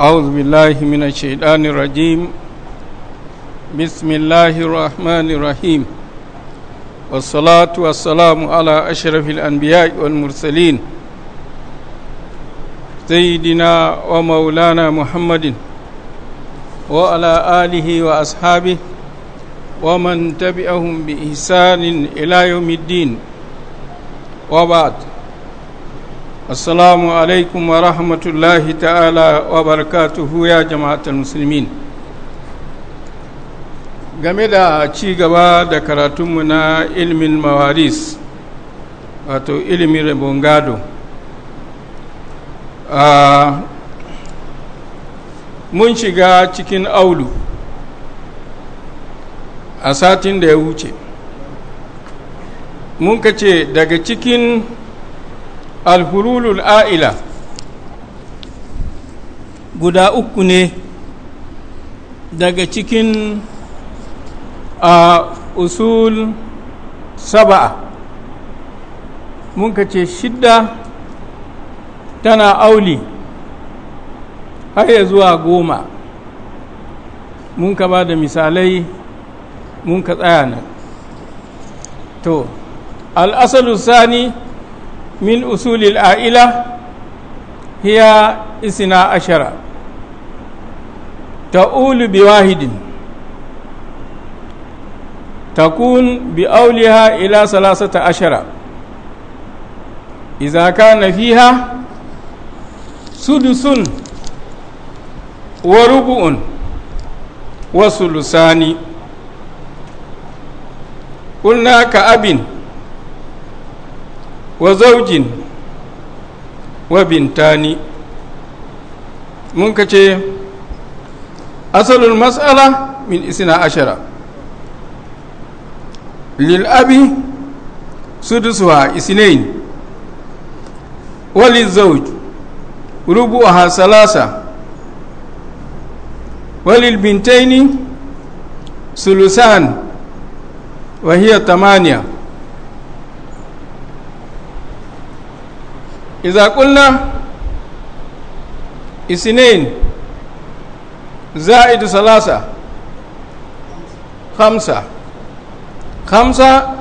أعوذ بالله من الشيطان الرجيم بسم الله الرحمن الرحيم والصلاة والسلام على أشرف الأنبياء والمرسلين سيدنا ومولانا محمد وعلى آله وأصحابه ومن تبعهم بإحسان إلى يوم الدين وبعد assalamu alaikum wa rahmatullahi ta'ala wa barakatuhu ya jama'atar musulmin game da ci gaba da karatunmu na ilmin mawaris wato ilimin gado mun shiga cikin aulu a satin da ya wuce mun ka ce daga cikin alhululul a'ila guda uku ne daga cikin a usul saba'a mun ka ce shidda tana auli har ya zuwa goma mun ka ba da misalai mun ka tsaya nan to al'asalu sani من أصول العائلة هي إثنا عشرة تؤول بواحد تكون بأولها إلى ثلاثة عشرة إذا كان فيها سدس وربع وثلثان قلنا كأب wa zaujin wa bintani mun ka ce asalin matsala min isina ashara lil'abi dusuwa isinain wali zauj a salasa walil bintaini sulusan wahiyar tamaniya iza kulna isnain za'id salasa khamsa khamsa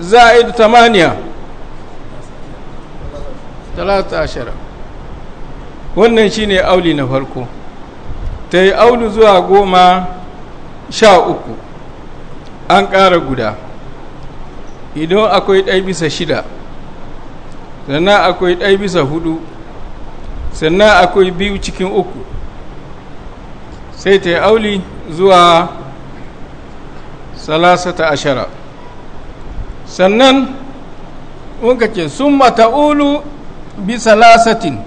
za'id tamaniya talata ashara wannan shine auli na farko ta yi aulu zuwa goma sha uku an ƙara guda idan akwai ɗai bisa shida sannan akwai ɗai bisa hudu sannan akwai biyu cikin uku sai ta yi auli zuwa salasata ashara sannan unka ce sun mata'ulu bi salasatin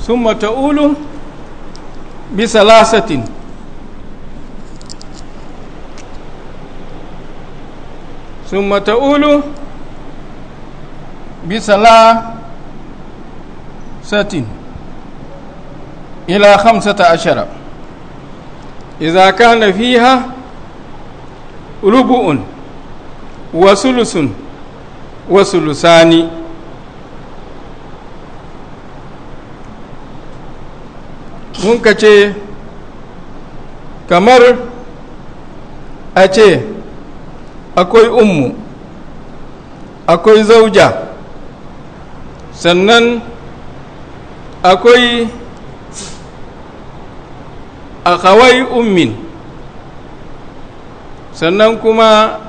sun mata'ulu bi salasatin sun mata'ulu bisala satin ila hamsata ashara iza kana fiha rubu'un wa sulusun wa sulusani mun ka ce kamar a ce akwai ummu akwai zauja sannan akwai a kawai ummin sannan kuma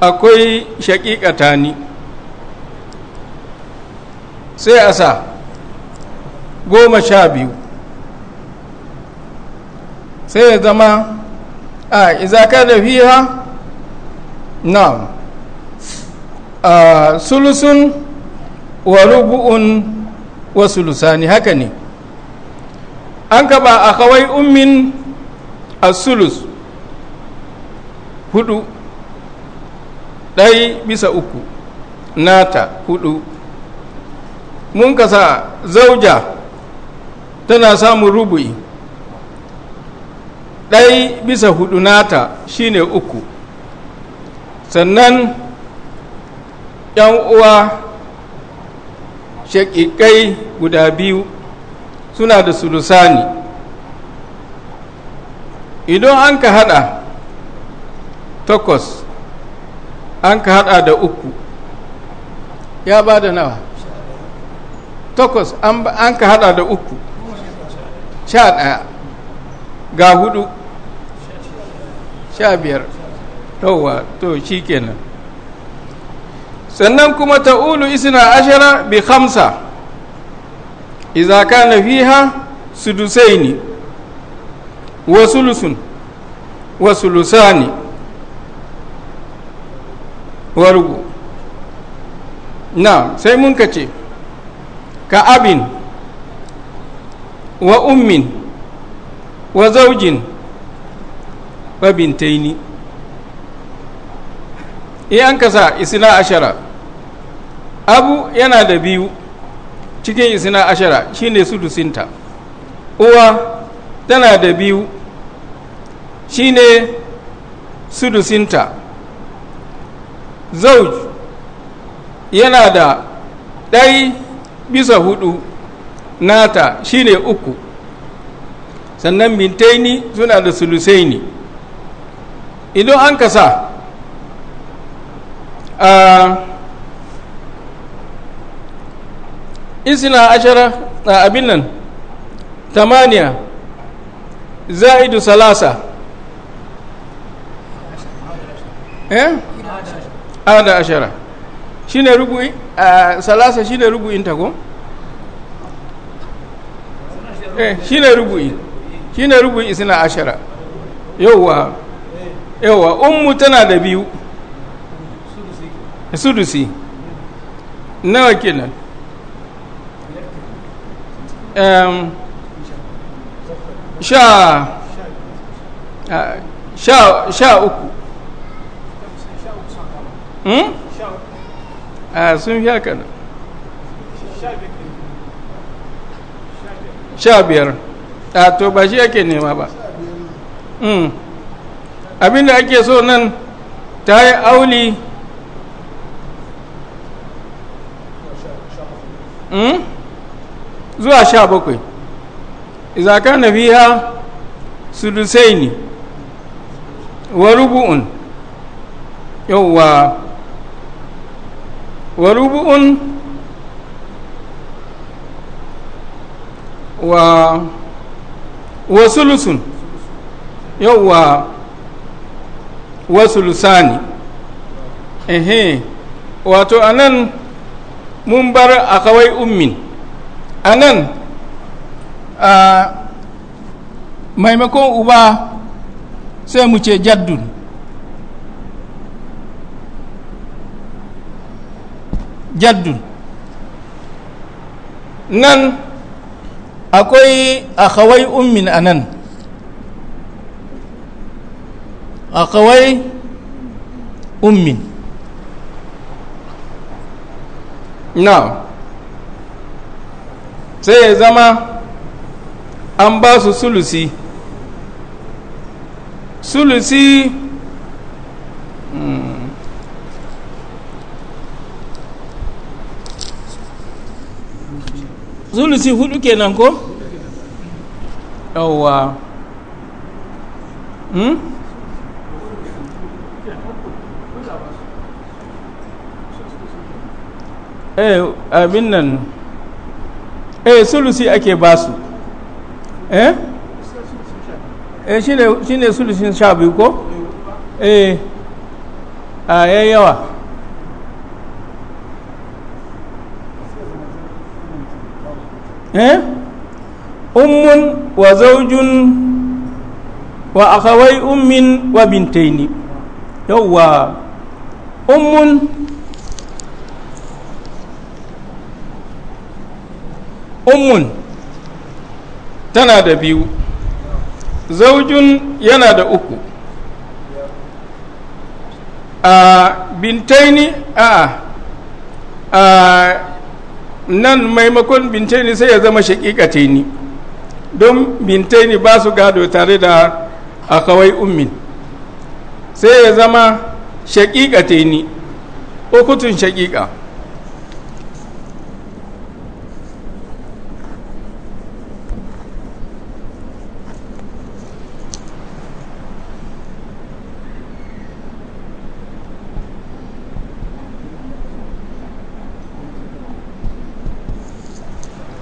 akwai ni sai a sa goma sha biyu sai ya zama a izaka da fiha na sulusun wa rubu'un wa sulusani haka ne an kaba a kawai ummin asulus hudu ɗai bisa uku nata hudu mun kasa zauja tana samun rubu'i ɗai bisa hudu nata shine uku sannan yan uwa shaƙiƙai guda biyu suna da sulusani idan an ka haɗa takwas an ka haɗa da uku ya ba da nawa takwas an ka haɗa da uku sha ɗaya ga hudu sha biyar tawwa to shi kenan sannan kuma ta'ulu isna ashara bi khamsa idza kana fiha sudusaini wa sulusun wa sulusani wa rubu na sai mun kace ka abin wa ummin wa zaujin wa bintaini in an kasa isna ashara abu yana da biyu cikin isina ashara shine dusinta uwa tana da biyu shine dusinta zauj yana da ɗai bisa hudu nata shine uku sannan mintaini suna da sulusaini idan an kasa a isna ashara a abin nan tamaniya za'idu salasa eh ada ashara shine rubu'i salasa shine rubu'in ta ko eh shine rubu'i shine rubu'i isna ashara yawwa yawwa ummu tana da biyu sudusi nawa kenan sha sha uku hmm? sun fi haka nan sha biyar a to ba shi yake nema ba hmm. abinda ake so nan ta yi auli hmm? zuwa sha bakwai izaka na biya ne wa rubu'un yauwa wa rubu'un wa wasulusun yauwa wa sulusani ehe wato anan mun bar a kawai ummin a nan maimakon uba sai mu ce jaddun jaddun nan akwai akawai ummin a nan akawai ummin now sai ya zama an ba su sulusi sulusi hmm. sulusi hudu kenan ko yawwa hmm? eh abin nan eh sulusi ake ba su eh eh shine sulusin sha biyu ko eh a yayi yawa eh ummun wa zaujun wa akawai ummin wa bintaini yawwa ummun ummun tana da biyu zaujun yana da uku a bintaini a a nan maimakon bintaini sai ya zama shaƙiƙataini don bintaini ba su gado tare da a kawai ummin sai ya zama shaƙiƙataini ukutun shaƙiƙa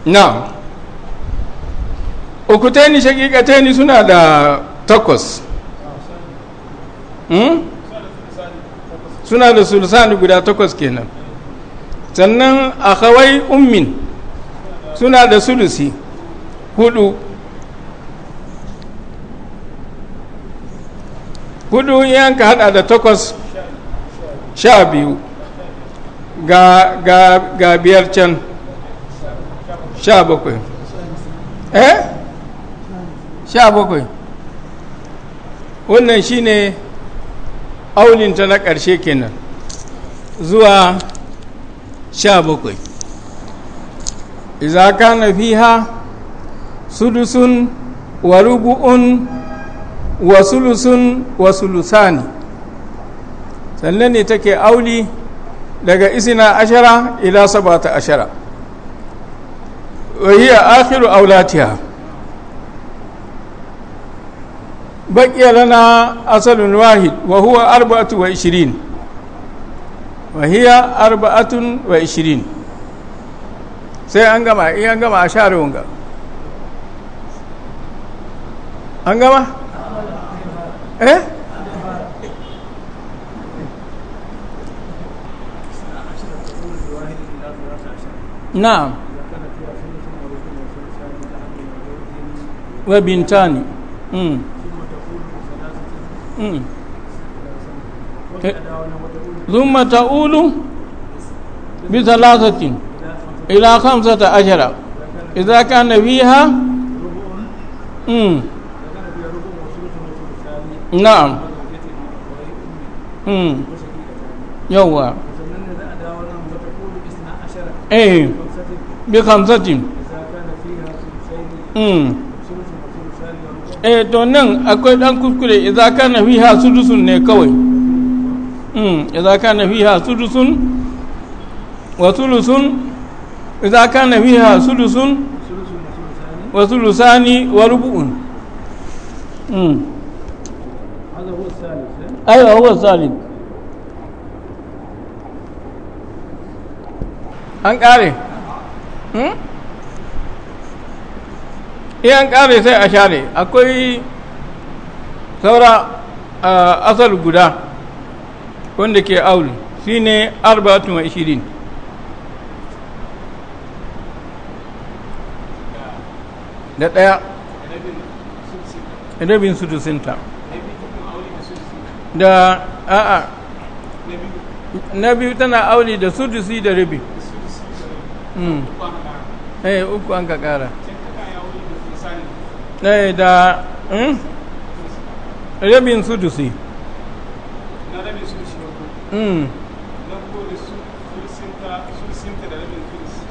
na ukutaini shakikataini suna da takwas hmm? suna da sulsani guda takwas kenan sannan a kawai ummin suna da sulusi hudu hudu yanka hada da takwas sha biyu ga, biyar can sha bakwai eh sha bakwai wannan shine aulinta na ƙarshe kenan zuwa sha bakwai iza ka na fiha sudusun wa rubu'un wa sulusun wa sulusani sannan ne take auli daga isina ashara ila sabata ashara wa hiya akhiru aulatiha baqiya lana asalun wahid wa huwa arba'atu wa ishirin wa hiya arba'atun wa ishirin sai an gama in an gama a share wanga an gama eh na'am Wa Binta ne. Hmm. Hmm. ulu. Binta latsa Ila kansa ta ashira. Iza kan da wiya. Hmm. Na. Yau wa. Eh, bi kansa eh to nan akwai dan kuskure idza kana fiha sudusun ne kawai mm idza kana fiha sudusun wa sulusun idza kana fiha sudusun wa sulusani wa rubu'un mm هذا هو الثالث أيوه هو الثالث أنكاري in an kare sai a share akwai saura asal guda wanda ke aul shi ne arba'atun wa ishirin da ɗaya rabin sudusinta da a'a na biyu tana auli da sudusi da rabi hmm. eh, uku an ka kara ɗaya eh, da hmm? rabin sudusi na rabin sudusi hmm.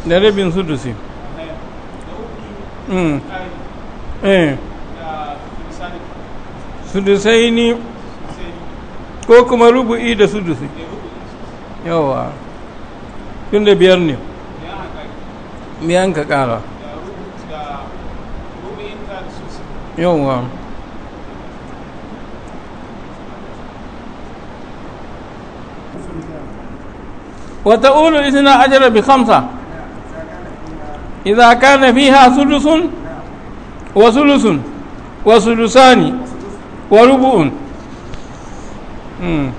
da rabin sudusi eh, hmm. eh. sudusai ni ko kuma rubu'i da sudusi yawa tun da biyar ne biyan ka kara yawwa wata ulu isna ajara bi khamsa idza kana fiha sulusun wa sulusun wa sulusani wa rubu'un hmm.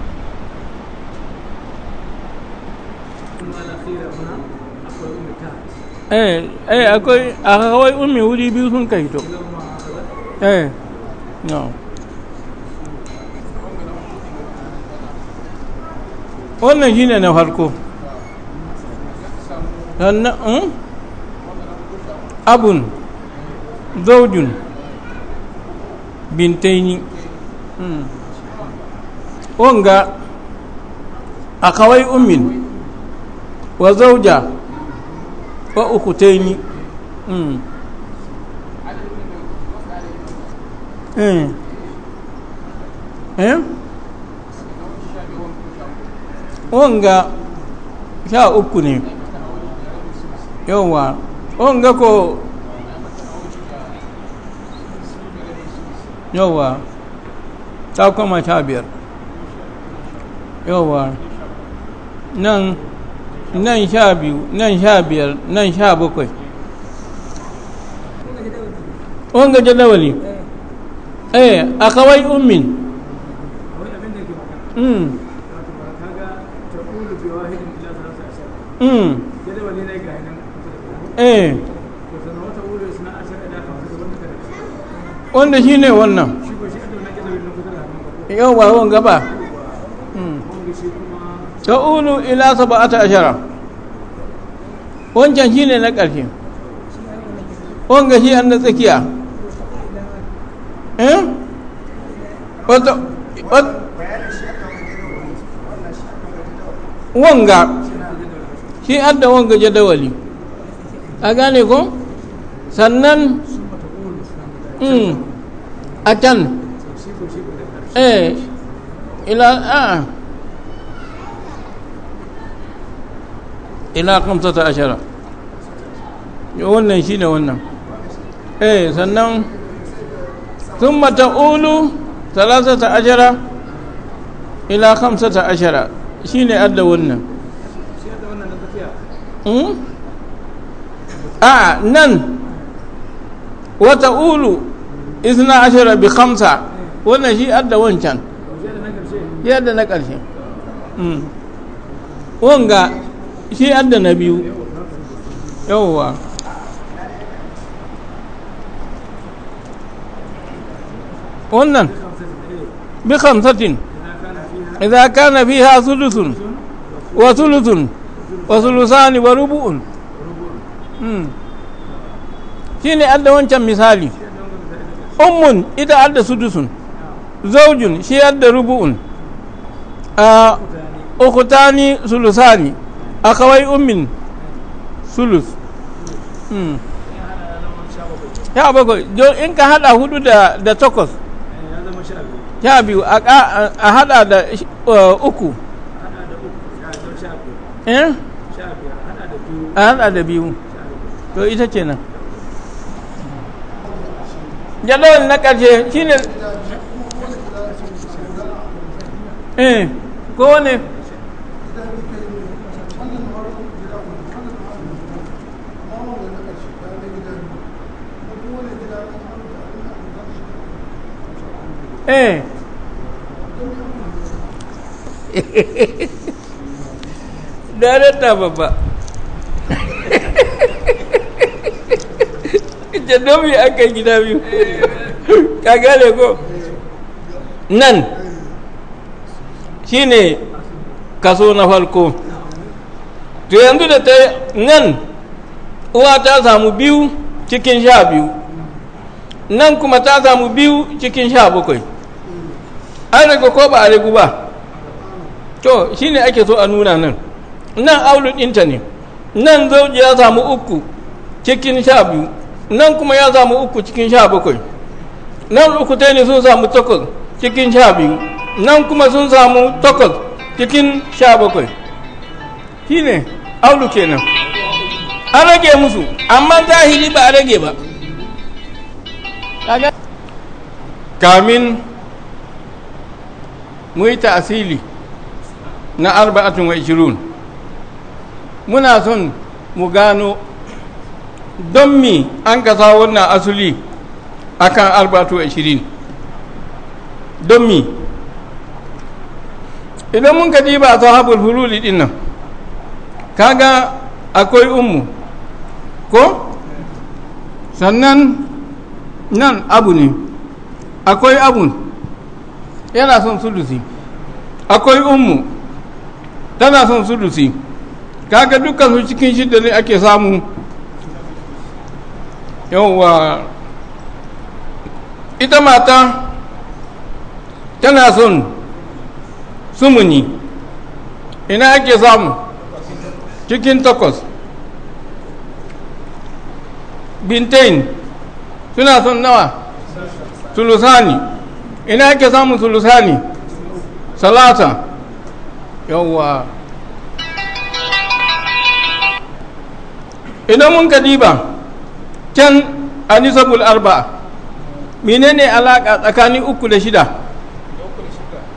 eh eh akwai wuri biyu sun kai to É. Eh. Não. Wannan shi ne na farko. Sannan, hmm? abun, zaujun, bintaini. Hmm. Wanga, a kawai ummin, wa zauja, wa ukutaini. Hmm. eh, eh? sha uku ne yawa onga ko yawa ta koma sha biyar yawa nan nan sha biyu nan sha biyar nan sha bakwai wanga jadawali eh a kawai ummin hmm. hmm. eh. wanda shi ne wannan yau ba wanga ba ta ulu ila saba'ata ashara wancan shi ne na ƙarshe wanga shi an na tsakiya Eh? wanga shi adda wanga jadawali a gane ko sannan hmm, a can eh ila a ila ta ashara wannan shi ne wannan eh sannan ثم تقول ثلاثة عشر إلى خمسة عشر شيني أدى ونن آه نن وتقول إثنى عشر بخمسة wannan shi adda wancan yadda na ƙarshe wanga shi adda na biyu yawwa wannan bi khamsatin idza kana fiha thuluthun wa thuluthun wa thuluthani wa rubu'un shine adda wancan misali ummun ita adda sudusun zaujun shi adda rubu'un ukutani sulusani akawai ummin sulus ya bakwai in ka hada hudu da takwas sha biyu a hada da uh, uku eh? a hada da biyu to ita ce nan jadawal na ƙarshe shine eh ko ne eh na rata babba jannobi aka gida biyu ka gane ko nan shine kaso na farko to yanzu da ta nan uwa ta samu biyu cikin sha biyu nan kuma ta samu biyu cikin sha bakwai an rigu ko ba a rigu ba to shine ake so a nuna nan nan aulu ɗinta ne nan zauji ya samu uku cikin sha biyu nan kuma ya samu uku cikin sha bakwai nan uku ta ne sun samu takwas cikin sha biyu nan kuma sun samu takwas cikin sha bakwai shi ne aulu kenan an rage musu amma zahiri ba a rage ba kamin mu yi ta'asili na arba'atun wa ishirun muna son mu gano don mi an kasa wannan asuli akan arba'atun wa ishirin don mi idan mun kaji ba ta haɓul hululi ɗin nan kaga akwai ummu ko sannan nan abu ne akwai abun yana son sulusi akwai ummu tana son sulusi kaga dukkan su cikin shidda ne ake samu yawwa ita mata tana son sumuni ina ake samu cikin takwas bintain suna son nawa sulusani ina yake samun sulusani salata yawwa idan mun kadiba can a nisabul arba menene alaka tsakanin uku da shida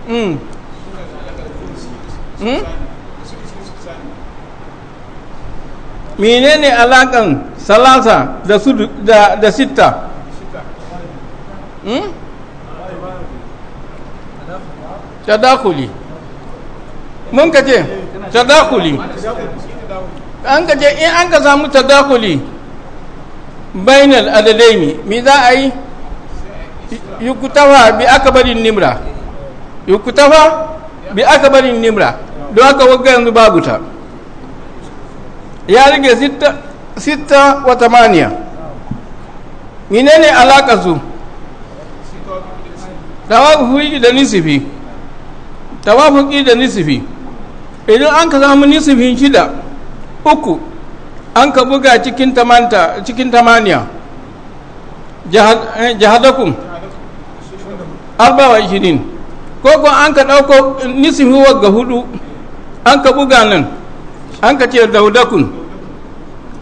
mine hmm. ne hmm? menene alakan salasa da, da, da sitta tadakuli mun ka ce tadakuli an ka ce in an ka samu tadakuli bainal adadaini mi za a yi yukutawa bi akabarin nimra yukutawa bi akabarin nimra don aka wagga yanzu babu ta ya rage sita wa tamaniya menene alaƙa su da wa da nisifi tawafuki da nisifi idan an ka samu nisifin shida uku an ka buga cikin tamaniya jihadakun eh, arba'a ishirin koko ko an ka ɗauko nisifin waga hudu an ka buga nan an ka ce hudakun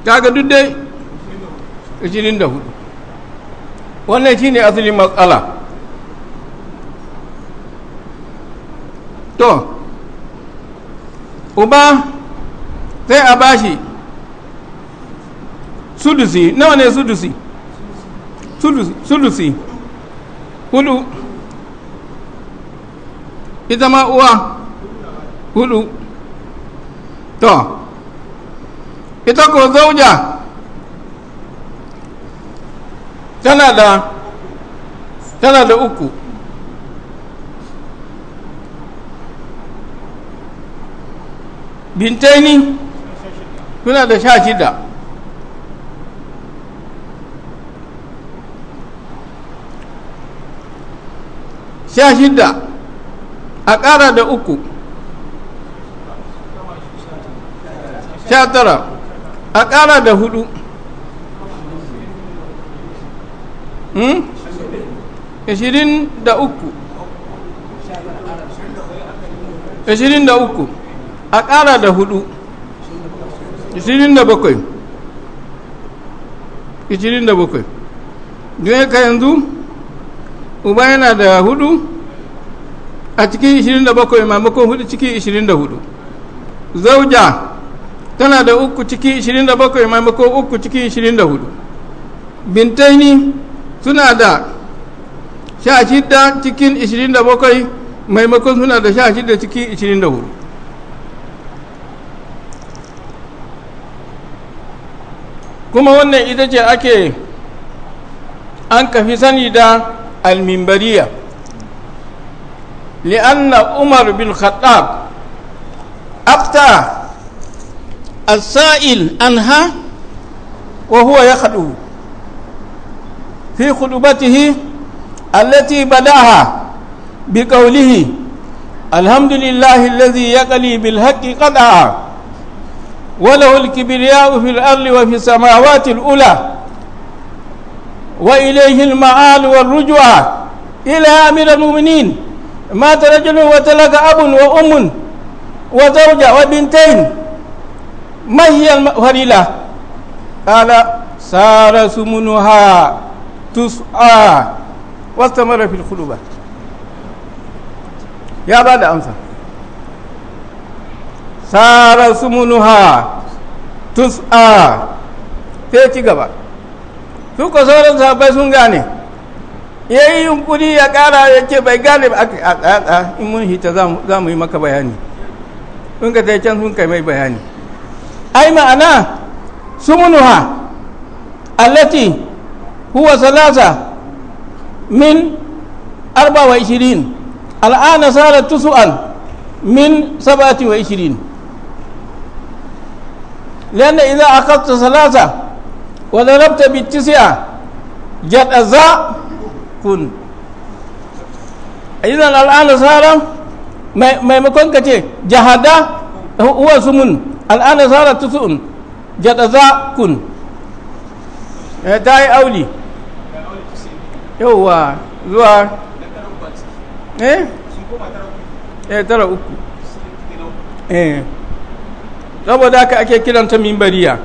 kaga duk dai ishirin da hudu wannan shine asalin matsala to uba sai a bashi sudusi nawa ne sudusi sudusi hudu ita ma uwa hudu to ita ko zauja tana da tana da uku ni suna da sha shida sha shida a ƙara da uku sha tara a ƙara da hudu hmm? ashirin da uku ashirin da uku a ƙara da hudu 27 27 don haka yanzu uba yana da hudu a cikin 27 maimakon hudu cikin 24 zauja tana da uku cikin 27 maimakon uku cikin 24 bintaini suna da sha shida cikin 27 maimakon suna da sha shida cikin 24 kuma wannan ita ce ake an kafi sani da almimbariya li'anna umar bin khattab afta asa'il anha wa huwa ya haɗu fi khudubatihi allati badaha bi qawlihi alhamdulillahi alladhi yaqli bil haqqi qada'a وله الكبرياء في الأرض وفي السماوات الأولى وإليه المعال والرجعة إلى أمير المؤمنين مات رجل وتلك أب وأم وزوجة وبنتين ما هي الفريلة قال سار سمنها تسعى واستمر في الخلوبة يا بعد أمثال sara sumunuha tus'a sai ci gaba su ko sauran safai sun gane ya yi yunkuri ya kara ya ce bai gane ba a tsaya in mun hita za mu yi maka bayani sun ka sai can sun kai mai bayani ai ma'ana sumunuha allati huwa salasa min arba wa ishirin al'ana sara tusu'an min sabati wa ishirin لأن إذا أخذت ثلاثة وضربت بالتسعة جأزاء كن إذا الآن صار ما يكون كتير جهد هو سمن الآن صار تسعون جأزاء كن داي أولي yauwa zuwa eh? eh tara uku eh saboda haka ake kiranta mimbariya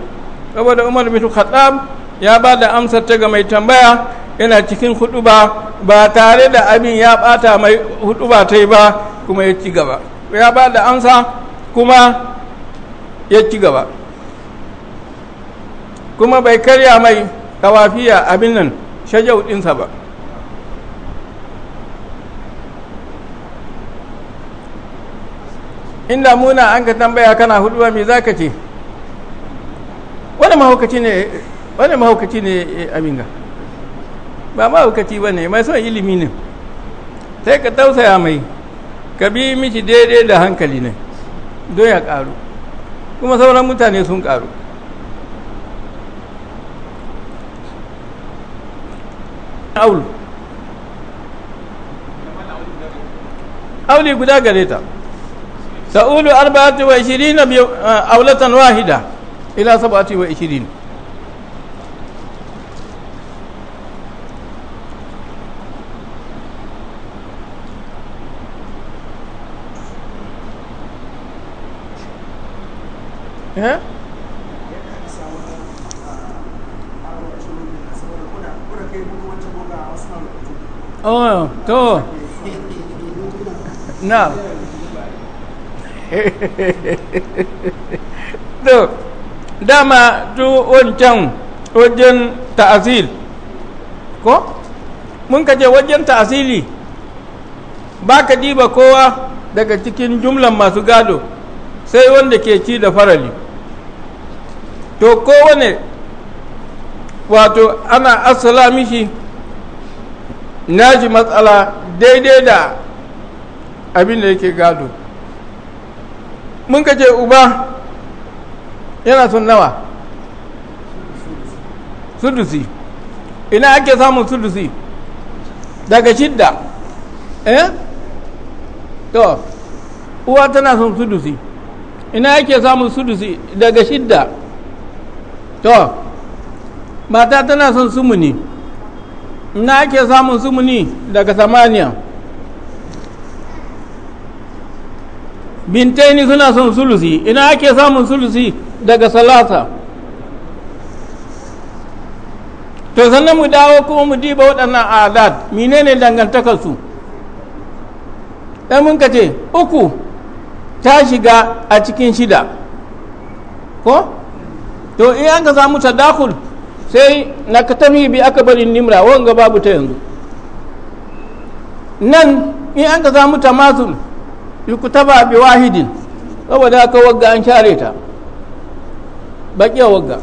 saboda umar bin khattab ya ba da amsar ta ga mai tambaya yana cikin hudu ba ba tare da abin ya bata mai ba ta yi ba kuma ya ci gaba ya ba da amsa kuma ya ci gaba kuma bai karya mai tawafiya abin nan shajau ɗinsa ba inda muna an ka tambaya kana huduwa me za ka ce wani mahaukaci ne wani mahaukaci ne eh, ba mahaukaci ba ne mai son ilimi ne sai ka tausaya mai ka bi mishi daidai da hankali ne don ya karu kuma sauran mutane sun karu auli guda gare ta سأقول أربعة وعشرين آه، أولة واحدة إلى سبعة وعشرين ها؟ أوه تو نعم to dama duk wancan wajen ta'azil ko mun ka je wajen ta'azili ba ka diba kowa daga cikin jumlan masu gado sai wanda ke ci da farali to kowane wato ana asala mishi naji matsala daidai da abin da yake gado mun ka ce uba yana son nawa sudusi ina ake samun sudusi daga shidda eh to uwa tana son sudusi ina ake samun sudusi daga shidda to mata tana son sumuni ina ake samun sumuni daga samaniya bintaini suna son sulusi ina ake samun sulusi daga salasa to sannan mu dawo kuma mu diba waɗannan adat menene dangantakarsu ɗan mun ce uku ta shiga a cikin shida ko to in an ka samu tadakul sai na katami bi aka bari nimra wanga babu ta yanzu nan in an ka samu tamasul yukutaba bi wahidin saboda haka wagga an share ta baƙiya wagga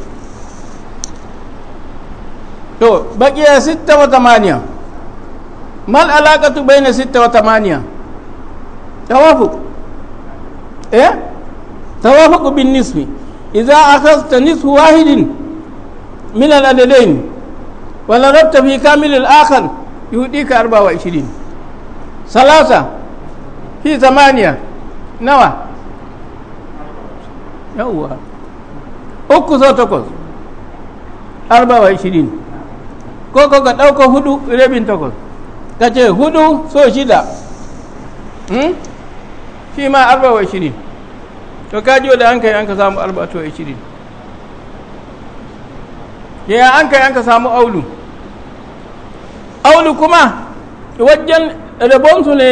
to baƙiya sitta wa tamaniya mal alaƙatu bai na sitta wa tamaniya tawafuq eh tawafuq bin nisbi idza akhadhta nisfu wahidin min al-adadain wa la rabta fi kamil ka arba yudika 24 salasa fi zamaniya nawa yawwa uku sau takwas arba'a ishirin ko ko ka ɗauka hudu rabin takwas ka ce hudu so shida hmm? shi ma arba'a ishirin to ka jiyo da an an ka samu arba'a to ishirin yaya an kai an ka samu aulu aulu kuma wajen rabonsu ne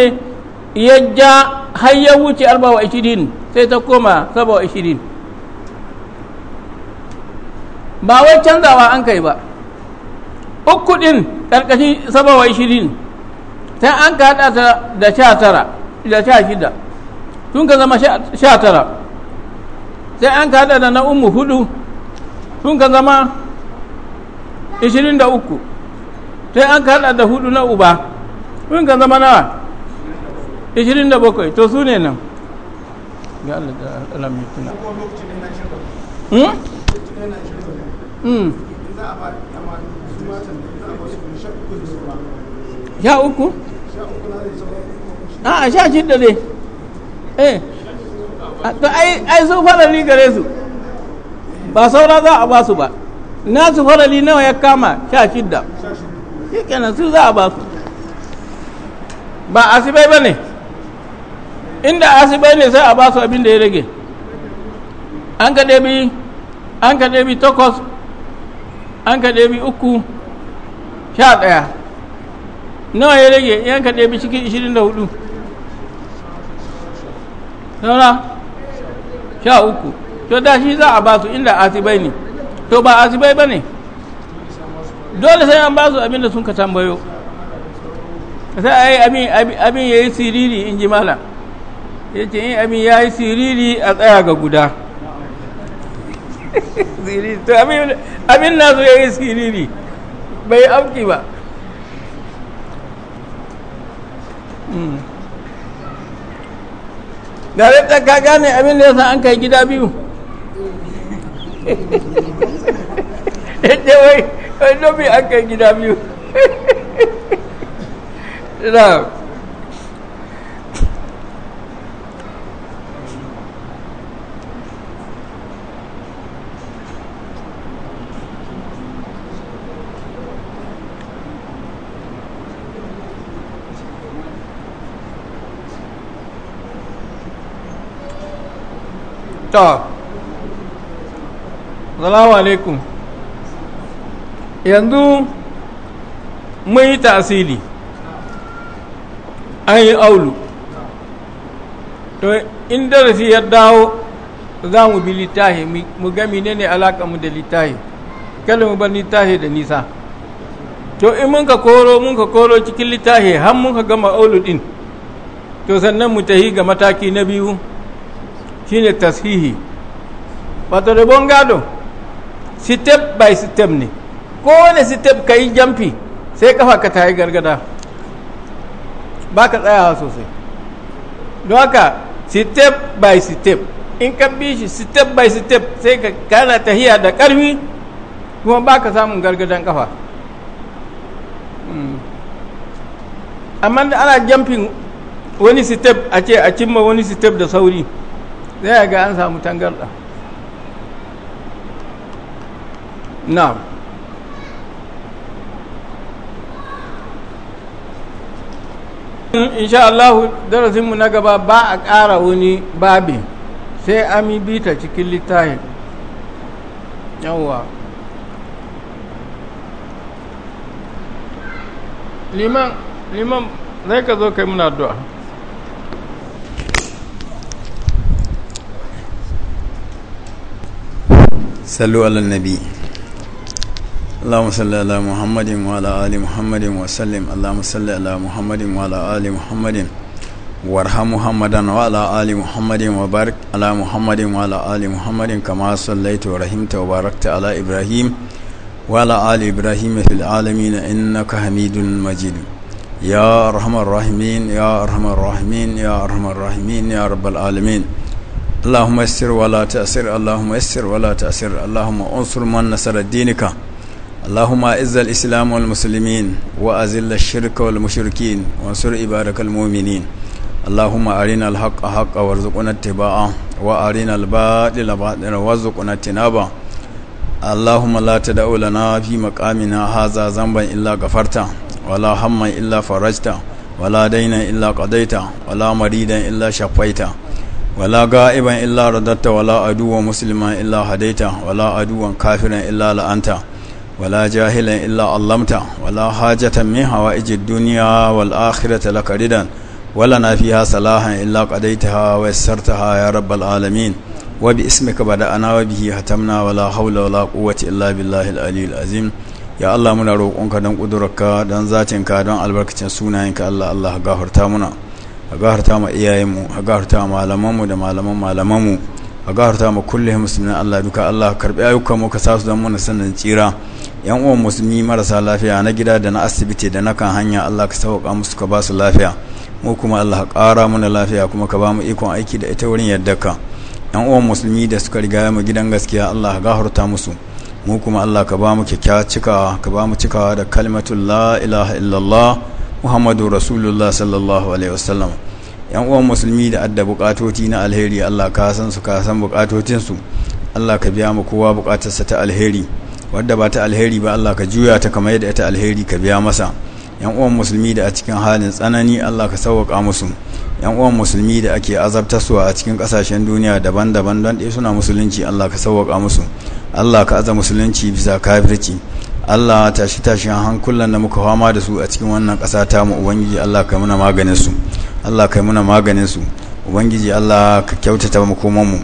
ya ja har ya wuce arba wa ishirin sai ta koma saba wa ishirin ba wai canzawa an kai ba uku din ƙarƙashin saba wa ishirin sai an ka haɗa ta da sha tara da sha shida tun ka zama sha tara sai an ka haɗa da na umu hudu tun ka zama ishirin da uku sai an ka haɗa da hudu na uba tun ka zama nawa 27 to su ne nan ga Allah da alamun tuna hmm? Hmm. sha uku? a sha shidda dai eh to ai sun farali gare su ba saura za a ba su ba na fara farali nawa ya kama sha shidda shi kenan su za a ba su ba asibai ba ne inda asibai ne sai a ba su abin da ya rage an ka ɗabi an ka ɗabi takwas an ka ɗabi uku sha ɗaya nawa ya rage yan ka ɗabi cikin ishirin da hudu saura sha uku to da shi za a ba su inda asibai ne to ba asibai ba ne dole sai an ba su abin da sun ka tambayo sai a yi abin ya yi siriri in ji malam yake yin eh, amin ya yi siriri a tsaya ga guda to amin na zo ya yi siriri bai auki ba gare hmm. ta ka gane amin da ya sa an kai gida biyu yadda wai wai domin an kai gida biyu to yanzu mun yi tasiri an yi aulu to in darasi ya dawo za mu bi littahi mu ne ne alaka mu da littahi kada mu bar littahi da nisa to in mun ka koro mun ka koro cikin littahi har mun ka gama aulu din to sannan mu tahi ga mataki na biyu shine tashihi wato rabon gado step by step ne kowane step ka yi jamfi sai kafa ka tayi gargada ba ka tsayawa sosai don haka step by step in ka bi shi step by step sai ka kana tahiya da ƙarfi kuma ba ka samun gargadan kafa hmm. amma da ana jamfin wani step a ce a cimma wani step da sauri zai ga an samu tangarɗa na insha Allah darasinmu na gaba ba a ƙara wani babi sai ami bita cikin littafin yawwa liman liman zai ka zo kai muna addu'a صلوا على النبي اللهم صل على محمد وعلى آل محمد وسلم اللهم صل على محمد وعلى آل محمد وارحم محمدا وعلى آل محمد وبارك على محمد وعلى آل محمد كما صليت ورحمت وباركت على إبراهيم وعلى آل إبراهيم في العالمين إنك حميد مجيد يا أرحم الراحمين يا أرحم الراحمين يا أرحم الراحمين يا رب العالمين اللهم يسر ولا تأسر اللهم يسر ولا تأسر اللهم انصر من نصر دينك اللهم أعز الإسلام والمسلمين وأذل الشرك والمشركين وانصر عبادك المؤمنين اللهم أرنا الحق حقا وارزقنا اتباعه وأرنا الباطل باطلا وارزقنا اجتنابه اللهم لا تدع لنا في مقامنا هذا ذنبا إلا غفرته ولا هما إلا فرجته ولا دينا إلا قضيته ولا مريدا إلا شفيته wala ga'iban illa radatta wala aduwan musulman illa hadaita wala aduwan kafiran illa la'anta wala jahilan illa allamta wala hajatan min hawa'ijid duniya wal akhirata lakaridan wala na fiha salahan illa qadaitaha wa yassartaha ya rabbal alamin wa bi ismika bada'ana wa bihi hatamna wala hawla wala quwwata illa billahi al-aliyyil azim ya Allah muna roƙonka don ƙudurarka don zatinka don albarkacin sunayenka Allah Allah gafarta muna a gaharta ma iyayenmu a gaharta ma malamanmu da malaman malamanmu a gaharta ma kullum musulmin Allah duka Allah karbi ayyukan mu ka sa su zama sanin tsira yan uwan musulmi marasa lafiya na gida da na asibiti da na kan hanya Allah ka sauka musu ka ba su lafiya mu kuma Allah ka ƙara mana lafiya kuma ka ba mu ikon aiki da ita wurin ka yan uwan musulmi da suka riga mu gidan gaskiya Allah ka gaharta musu mu kuma Allah ka ba mu kyakkyawa cikawa ka ba mu cikawa da kalmatul la ilaha illallah muhammadu rasulullah sallallahu alaihi wasallam yan uwan musulmi da adda bukatoti na alheri allah ka san su ka san su allah ka biya mu kowa bukatarsa ta alheri wadda ba ta alheri ba allah ka juya ta kamar yadda ta alheri ka biya masa yan uwan musulmi da a cikin halin tsanani allah ka sauwaka musu yan uwan musulmi da ake su a cikin kasashen duniya daban-daban don ɗaya suna musulunci allah ka sauwaka musu allah ka aza musulunci bisa kafirci Allah tashi Tashi a hankulan da muka fama da su a cikin wannan ƙasa ta mu ubangiji Allah kai muna maganin su Allah kai muna maganin su ubangiji Allah ka kyautata makoman mu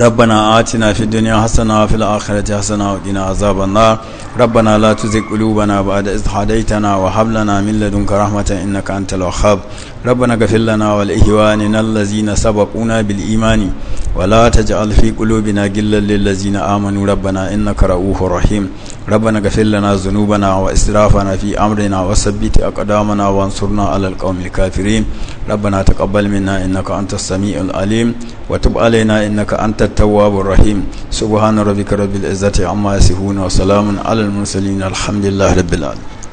ربنا آتنا في الدنيا حسنة وفي الآخرة حسنة وقنا عذاب النار ربنا لا تزغ قلوبنا بعد إذ هديتنا وهب لنا من لدنك رحمة إنك أنت الوهاب ربنا اغفر لنا ولإخواننا الذين سبقونا بالإيمان ولا تجعل في قلوبنا غلا للذين آمنوا ربنا إنك رؤوف رحيم ربنا اغفر لنا ذنوبنا وإسرافنا في أمرنا وثبت أقدامنا وانصرنا على القوم الكافرين ربنا تقبل منا إنك أنت السميع العليم وتب علينا إنك أنت التواب الرحيم سبحان ربك رب العزة عما يصفون وسلام على المرسلين الحمد لله رب العالمين